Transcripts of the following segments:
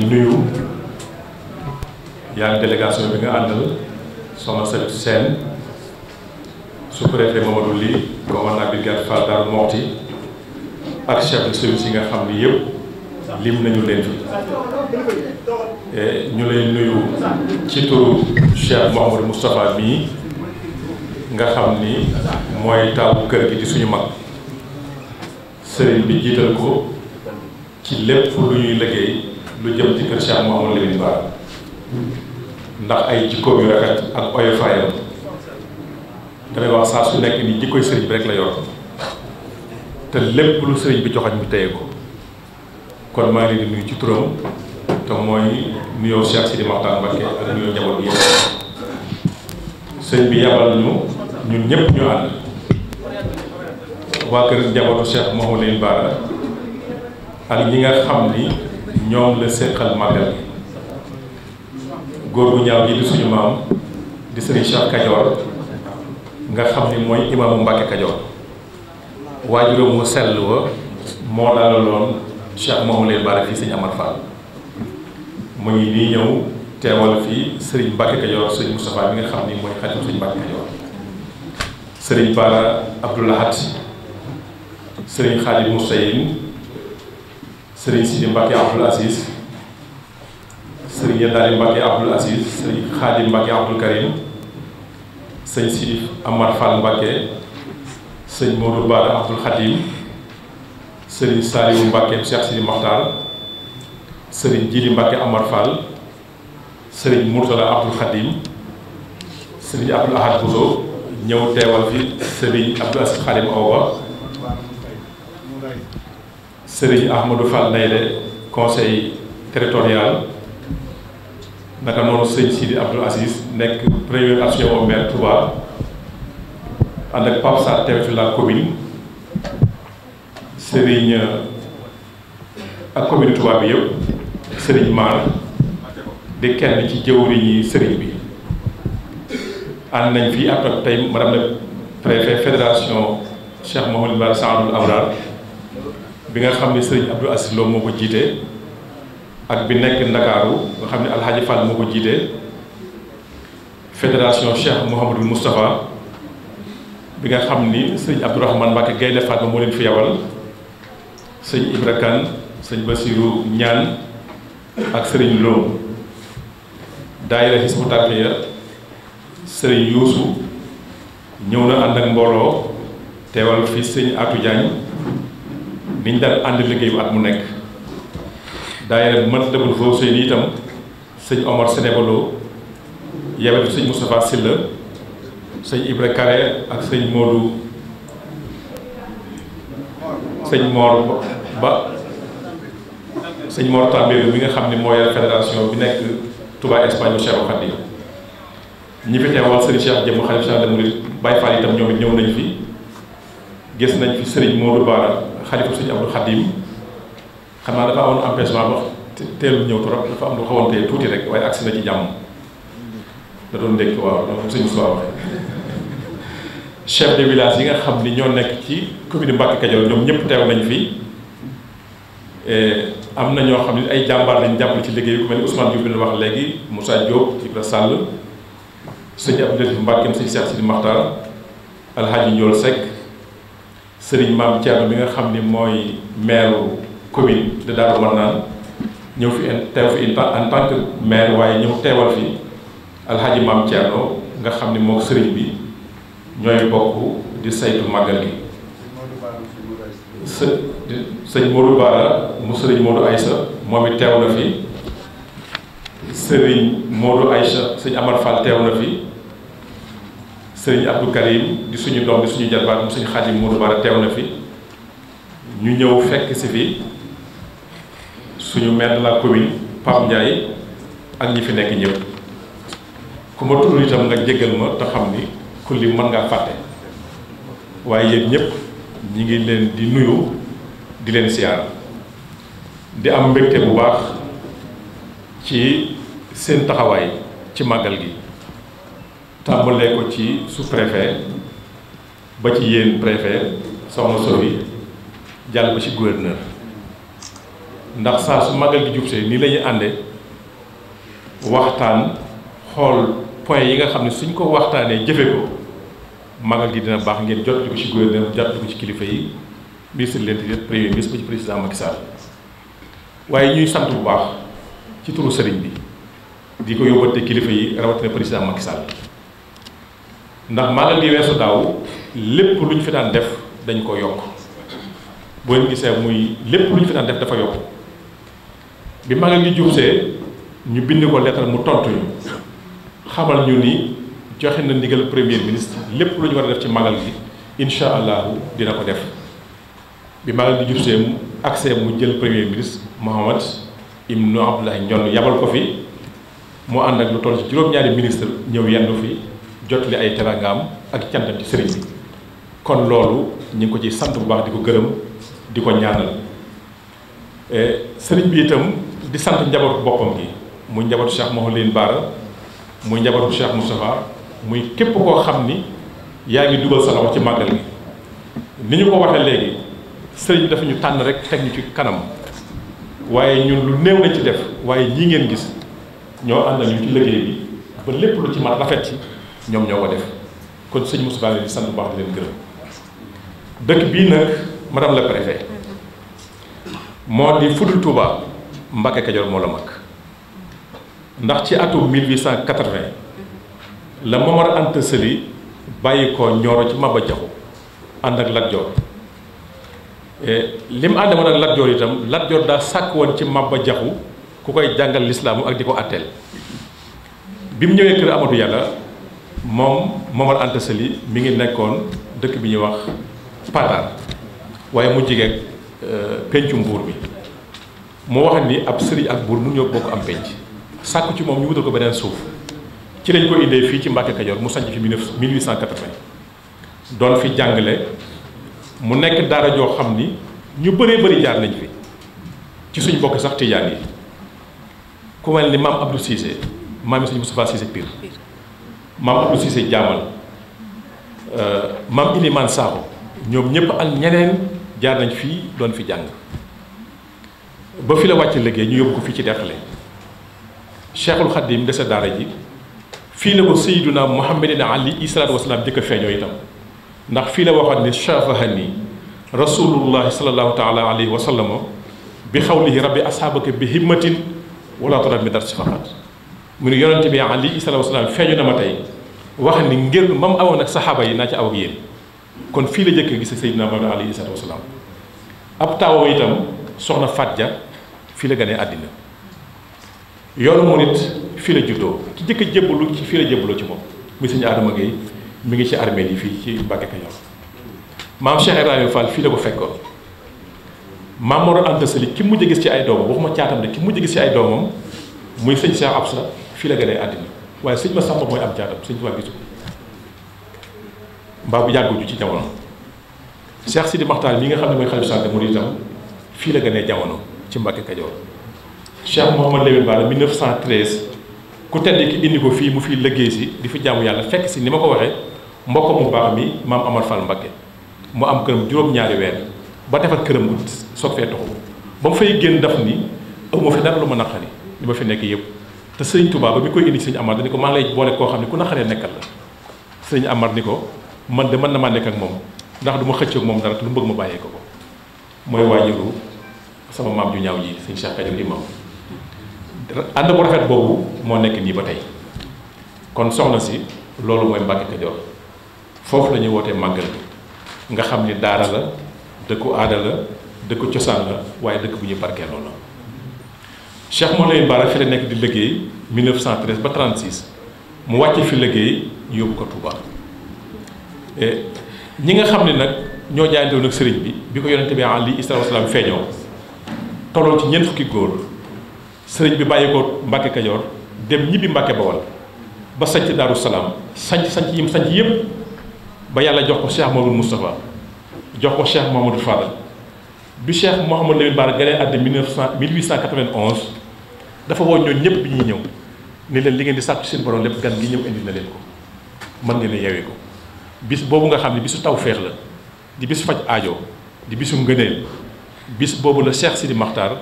nuyu yaa délégation bi nga àndal soxna Saly Sène sous-préfet Mamadou Ly commandant brigade Fall Darou Mouhty ak chef de yi nga xam ni yëpp lim nañu leen fi e, ñu lay nuyu ci turu Cheikh Mouhamadou Moustapha mii nga xam ni mooy taawu kër gi di suñu mag sëriñ bi jiital ko ci lépp lu ñuy liggéey lu jëm ci kër Cheikh Mouhamadou Lamine Bara ndax ay jikkoom yu rafet ak oyofaayam damay wax saa su nekk ni jikkoy sëriñ bi rek la yor te lépp lu sëriñ bi joxañ mu téye ko kon maa ngi di nuyu ci turam te mooy nuyoo Cheikh Sidi Makhtar Mbacké ak nuyoo njaboot bi yëpp sëñ bi yabal ñu ñun ñëpp ñu ànd waa kër njabootu Cheikh Mouhamadou Lamine Bara ak ñi nga xam ni ñoom la séqal màggal gi góor gu ñaaw gi suñu maam di Serigne Cheikh Kajoor nga xam ni mooy imaamu Mbàkke Kajoor waajuram mu sell wa moo dalaloon Cheikh moomu leen baale fii Serigne Amar Fall mu ngi ñëw teewal fii Serigne Mbàkke Kajoor Serigne Moustapha bi nga xam ni mooy xatim Serigne Mbàkke Kajoor Serigne Bara Abdoulahat Serigne Khalid Moussaïn sering Sidi Mbacke Abdul Aziz seringnya Yendali Mbacke Abdoul Aziz sering Khadim Mbacke Abdul Karim sering Sidi Amar Fall Mbacke sering Modou Bara Abdoul Khadim serigne Saliou Mbacke Cheikh Sidi Makhtar serigne Jili Mbacke Amar Fall serigne murtala Abdoul Khadim serigne Abdul Ahad bouzo ñëw teewal fi serigne Abdoul Aziz Khadim Awa Serigne Ahmadou Fall Ndeye conseil territorial naka noonu sëñ Sidi Abdou Aziz nek premier adjoint au maire Touba ànd ak Pape Sarr teew la commune Serigne ak commune Touba bi yëpp sëriñ Mar di kenn ci jëwriñi Serigne bi ànd nañ fi après tay madame le préfet fédération Cheikh Mouhamadou Bara Sadoul Abrar bi nga xam ne sëriñ Abdou Aziz Lo moo ko jiite ak bi nekk Ndakaaru nga xam ne Alhaji Fall moo ko jiite fédération Cheikh Mouhamadul Moustapha bi nga xam ni sëriñ Abdourahmane Mbacke Gaynde Fatma moo leen fi yabal sëñ Ibra Kane sëñ Basirou Ñaan ak sëriñ Lo daayira Hizbut Tarqiyyah sëriñ Youssou ñëw na ànd ak mbooloo teewal fi sëñ Atou niñ daan ànd liggéeyu at mu nekk daayira mën dëbul foofu sëy ni itam sëñ Omar Sénébaloo yebet sëñ Moustapha Silla sëñ Ibra Kare ak sëñ Modou sëñ Mor Ba sëñ Mor Tambédou mi nga xam ne moo yore fédération bi nekk Touba Espagne Cheikh Khadim ñi fi teewal sëriñ Cheikh Jëmm Khalifa Cheikh Mouride Baye Fall itam ñoom it ñëw nañ fi gis nañ fi sëriñ Modou Bara xalifa sëñ Abdou Khadim xam naa dafa amoon empêchement ba teelu ñëw trop dafa am lu xawoon tuuti rek waaye agsi na ci jàmm da doon ndékk waaw loolu sëñ Moussa waxe chef de village yi nga xam ni ñoo nekk ci commune Mbacke Kadior ñoom ñëpp teew nañ fi eh, am na ñoo xam ne ay jàmbaar lañ jàppale ci liggéey ku mel ni Ousmane Diouf bi wax léegi Moussa Diop Ibra Sall sëñ Abdou Latif Mbacke sëñ Cheikh Sidi Makhtar Alhaji Ndiol Seck sëriñ maam Thierno bi nga xam ni mooy maire commune de Darou Marnane ñëw fi teew fi en tant que maire waaye ñëw teewal fi alxaaji maam Thierno nga xam ni moom sëriñ bi ñooy bokk di saytu màggal gi së sëñ Modou Bara mu sëriñ Modou Aïssa moom it teew na fi sëriñ Modou Aïssa sëñ Amar Fall teew na fi sëriñ Abdou Karim di suñu doom di suñu jarbaat mu suñu xaadim Modou Bara teew na fi ñu ñëw fekk si fi suñu maire la commune Pape Ndiaye ak ñi fi nekk ñëpp ku ma tudd itam nga jéggal ma te xam ni kulli mën ngaa fàtte waaye yéen ñëpp ñi ngi leen di nuyu di leen siyaar di am mbégte bu baax ci seen taxawaay ci màggal gi tambalé ko ci sous-préfet ba ci yeen préfet soxna sori jall ba ci gouverneur ndax saa su magal gi djubse ni lañu andé ànde waxtaan xool point yi nga xamni suñ ko waxtané jëfé ko magal gi dina bax ngeen jot ko ci gouverneur jot ko ci kilifa yi ministre de l'intérieur premier ministre ci président Macky Sall waye ñuy sant bu baax ci turu sëriñ bi di ko kilifa yi rawatina président Macky Sall ndax magal gi weesu daaw lépp lu ñu fi daan def dañ ko yokk boo leen gisee muy lépp lu ñu fi def dafa yokk bi magal gi jubsee ñu bind ko lettre mu tontu ñu xamal ñu ni joxe na ndigal premier ministre lépp lu ñu war a def ci magal gi incha allahu dina ko def bi magal gi jubsee mu accès mu jël premier ministre Mohamed Ibn Abdoulaye Ndione yabal ko fi mu ànd ak lu toll ci juróom-ñaari ministre ñëw yendu fi jotali ay terangaam ak cantam ci sëriñ bi kon loolu ñu ngi ko ci sant bu baax di ko gërëm di ko ñaanal e, sëriñ bi itam di sant njabootu boppam gi muy njabootu Cheikh Mawlin Baara muy njabootu Cheikh Moustapha muy képp koo xam ni yaa ngi dugal sa loxo ci màggal bi ni ñu ko waxee léegi sëriñ bi dafa ñu tànn rek teg ñu ci kanam waaye ñun lu néew nañ ci def waaye ñii ngeen gis ñoo ànd ñu ci liggéey bi ba lépp lu ci mat rafet ci ñoom ñoo ko def kon sëñ Moustapha leen di sant bu baax di leen gërëm dëkk bii nag madame la préfet moo di fudul Touba Mbacke Kajoor moo la mag ndax ci atum la Momar Anta Sali bàyyi ko Nioro ci Maba Jaxu ànd ak Lat Joor e, li mu ànd woon ak Lat Joor itam Lat daa sàkk woon ci Maba Jaxu ku koy jàngal lislaamu ak di ko àtteel bi mu ñëwee kër amatu Yàlla moom Momar Anta Sali ngi nekkoon dëkk bi ñuy wax Patar waaye mu jigee euh, pencum buur bi mu wax ni ab sëri ak buur mu ñoo bokk am penc sàkku ci moom ñu wutal ko beneen suuf ci lañ ko indee fii ci Mbàkke Kajoor mu sanc fi 1880 doon fi jàngale mu nekk daara joo xam ni ñu bëree bari jaar nañ fi ci suñ bokk sax tijaan yi ku mel ni maam Abdou Cissé maam yi sëñ Moustapha Cissé Pire maam Abdou Cissé Diamal euh, maam Ilimane Sakho ñoom ñëpp ak ñeneen jaar nañ fii doon fi jàng ba fi la wàcc liggéey ñu yóbbu ko fii ci Derklé Cheikhul Khadim dese daara ji fii la ko Seydina Muhammadin ali salaatu wasalaam jëkk a feeñoo itam ndax fii la waxoon ne shafahani rasulullahi salallahu taala alayhi wa sallama bi xawlihi rabbi asaabaka bi himmatin wala turat mi dar si faxat mu ne yonente bi alayhi salaatu wasalaam feeñu na ma tey wax ni ngir mam awoon ak saxaaba yi naa ci aw ak yéen kon fii la jëkk gis Seydina Muhammad alayhi salaatu wasalaam ab taawam itam soxna Fatja fii la ganee àddina yoonu murit fii la juddoo ki jëkk jébbalu ci fii la jébbaloo ci moom muy sëñ Adama Gueye mi ngi ci armée yi fii ci Mbàkke Kajoor maam Cheikh Ibrahima Fall fii la ko fekkoon maam Mor Anta Sali ki mujj gis ci ay doomam waxuma caatam de ki mujj gis ci ay doomam muy sëñ Cheikh Absa fii la gënee àddina waaye sëñ ma sàmba mooy am jaatam sëñ Tuubaa gisu mbaa bu yàgguju ci jamono Cheikh di Maxtaar mi nga xam ne mooy xalifa sànq mu itam fii la gënee jamono ci Mbàkke Kajoor Cheikh Mouhamad Lamine Bara 1913 ku tedd ki indi ko fii mu fii liggéey si di fi jaamu yàlla fekk si ni ma ko waxee mbokk mu baax mi maam Amar Fall Mbàkke mu am këram juróom-ñaari weer ba defar këram soog fee toxu ba mu fay génn daf ni aw ma fi dara lu ma li ma fi nekk yëpp te sëñ Touba ba bi koy indi sëñ Amar dañu ko ma lay bolé ko xamni ne ku naqaree nekkal la Amar ni man de man na ma nek ak mom ndax duma ma ak mom dara te lu ma bayé ko ko mooy sama mam ju ñaw ji sëñ Cheikh kadiou imam and bu rafet bobu mo nek ni ba tey kon soxna ci lolu moy mbacké ka foofu fofu lañu woté magal nga xamni dara la deku adala deku la waye bu Cheikh Mawlay Bara fi la nekk di liggéey 1913 ba 36 mu wàcce fi liggéey ñu yóbbu ko Touba ñi nga xam ni nag ñoo jaayante woon ak sëriñ bi bi ko yonente bi alayhi salaatu wasalaam feeñoo tolloon ci ñeent fukki bi bàyyi ko Mbàkke Kajoor dem ñibbi ba sanc Daaru Salaam sanc sanc yim sanc yëpp ba yàlla jox ko Cheikh Mamadou Moustapha jox ko Cheikh Mamadou Fadal bi Cheikh Mouhamadou Lamine Bara gane àddina 1891 dafa woo ñoon ñëpp bi ñi ñëw ni leen li ngeen di sàkku seen borom lépp gan gi ñëw indi na leen ko man ngeen a ko bis boobu nga xam ne bisu taw feex la di bis faj aajo di bisu ngëneel bis boobu la Cheikh Sidi Makhtar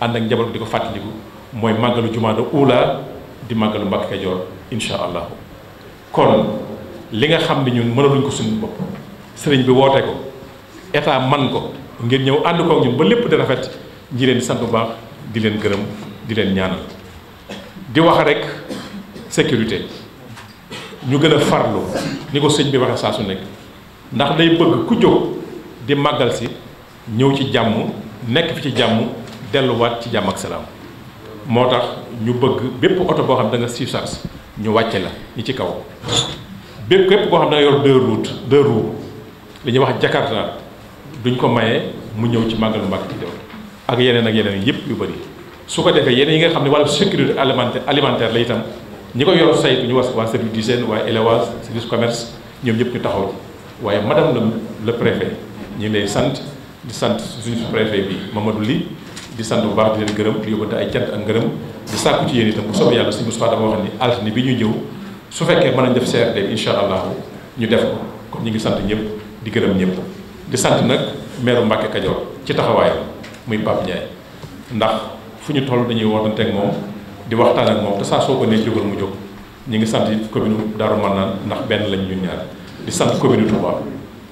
ànd ak njaboot di ko fàttaliku mooy màggalu jumaada oula di màggalu ka jor insha allah kon li nga xam ne ñun mënaluñ ko suñu bopp sëriñ bi woote ko état man ko ngeen ñëw ànd koog ñun ba lépp di rafet ñi leen sant bu baax di leen gërëm di leen ñaanal di wax rek sécurité ñu gën a farlu ni ko sëñ bi waxee saa su nekk ndax day bëgg ku jóg di màggal si ñëw ci jàmm nekk fi ci jàmm delluwaat ci jàmm ak salaam moo tax ñu bëgg bépp oto boo xam danga nga surcharge ñu wàcce la ñi ci kaw bépp képp boo xam da nga yor deux routes deux roues li ñuy wax jakarta duñ ko maye mu ñëw ci màggalu Mbàkke ci ak yeneen ak yeneen yëpp yu bari su ko defee yeneen yi nga xam ne wàllu sécurité alimentaire alimentaire la itam ñi ko yor saytu ñu was waa service d'hygiène waa élevage service commerce ñoom ñëpp ñu taxaw ci waaye madame le préfet ñu ngi lay sant di sant suñu préfet bi Mamadou di sant bu baax leen gërëm di yóbbante ay cant ak ngërëm di sàkku ci yéen itam bu soobee yàlla suñu Moustapha ni altine bi ñu ñëw su fekkee mën nañ def CRD incha allah ñu def ko kon ñu ngi sant ñëpp di gërëm ñëpp di sant nag maire Mbacke Kajoor ci taxawaayam muy Pape Ndiaye ndax fu ñu toll dañuy wootante ak moom di waxtaan ak moom te saa soo ko nee jógal mu jóg ñu ngi sant commune Darou Marnane ndax benn lañ ñu ñaar di sant commune Touba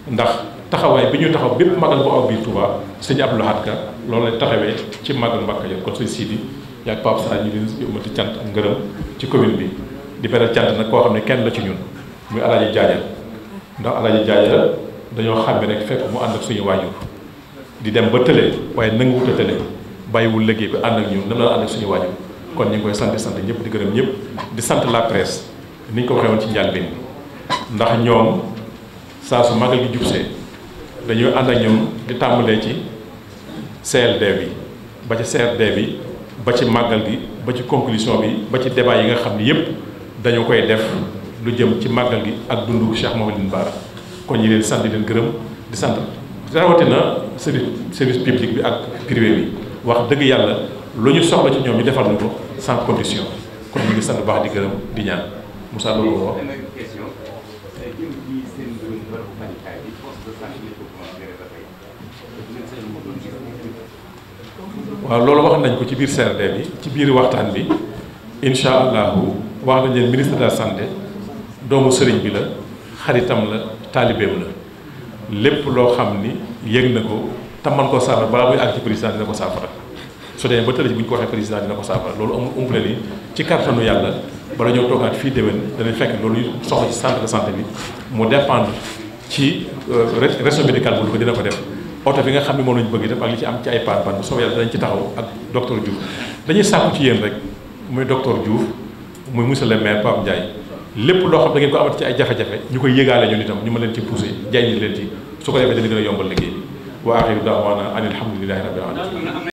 ndax taxawaay bi ñuy taxaw bépp magal bu aw biir Touba sëñ Abdou Lahad Ka loolu la taxawee ci magal Mbàkke Kajoor kon sëñ Sidi yaa Pape ñu ngi umati cant ak ngërëm ci commune bi di beral cant nag koo xam ne kenn la ci ñun muy alaaji jaajal ndax alaaji jaajal dañoo xàmme rek fekk mu ànd suñu waajur di dem ba tële waaye nangu bàyyiwul liggéey bi ànd ak ñun dama la ànd ak suñu waajur kon ñu ngi koy sant sant ñëpp di gërëm ñëpp di sant la presse ni ñu ko waxee woon ci njàlbeen ndax ñoom saa su magal gi jubsee dañuy ànd ak ñoom di tàmbalee ci CLD bi ba ci CRD bi ba ci màggal gi ba ci conclusion bi ba ci débat yi nga xam ne yëpp dañu koy def lu jëm ci màggal gi ak dundu Cheikh Mouhamadou Bara kon ñi leen sant leen gërëm di sant na service service public bi ak privé bi. wax dëgg yàlla lu ñu soxla ci ñoom ñu defal na ko sans condition kon ñu ngi sant baax di gërëm di ñaan Moussa loolu moo waaw loolu wax nañ ko ci biir CRD bi ci biir waxtaan bi incha allahu wax nañ leen ministre de la santé doomu sëriñ bi la xaritam la taalibeem la lépp loo xam ni yëg na ko taman ko koo bala balaa muy àgg ci président dina ko saafara su demee ba tëdd ci buñ ko waxe président dina ko saafara lolu amul um-, umple ni ci kàttanu yalla bala ñoo toogaat fii déwén danañ fekk loolu soxla ci centre de santé bi mu dépendre ci euh, réseau médical bu ko dina ko def auto bi nga xamni mo moom bëgg def ak li ci am ci ay pan pan so yalla yàlla ci taxaw ak docteur Diouf dañuy sàkku ci yeen rek muy docteur Diouf muy monsieur le maire Pape ndjay lepp lo xam da ngeen ko amati ci ay jafé jafé ñukoy yégalé yëgaale ñun itam ñu mën leen ci pousser jay ñu leen ci su ko defee dana gën yombal liggéey واخر دعوانا ان الحمد لله رب العالمين نعم، نعم.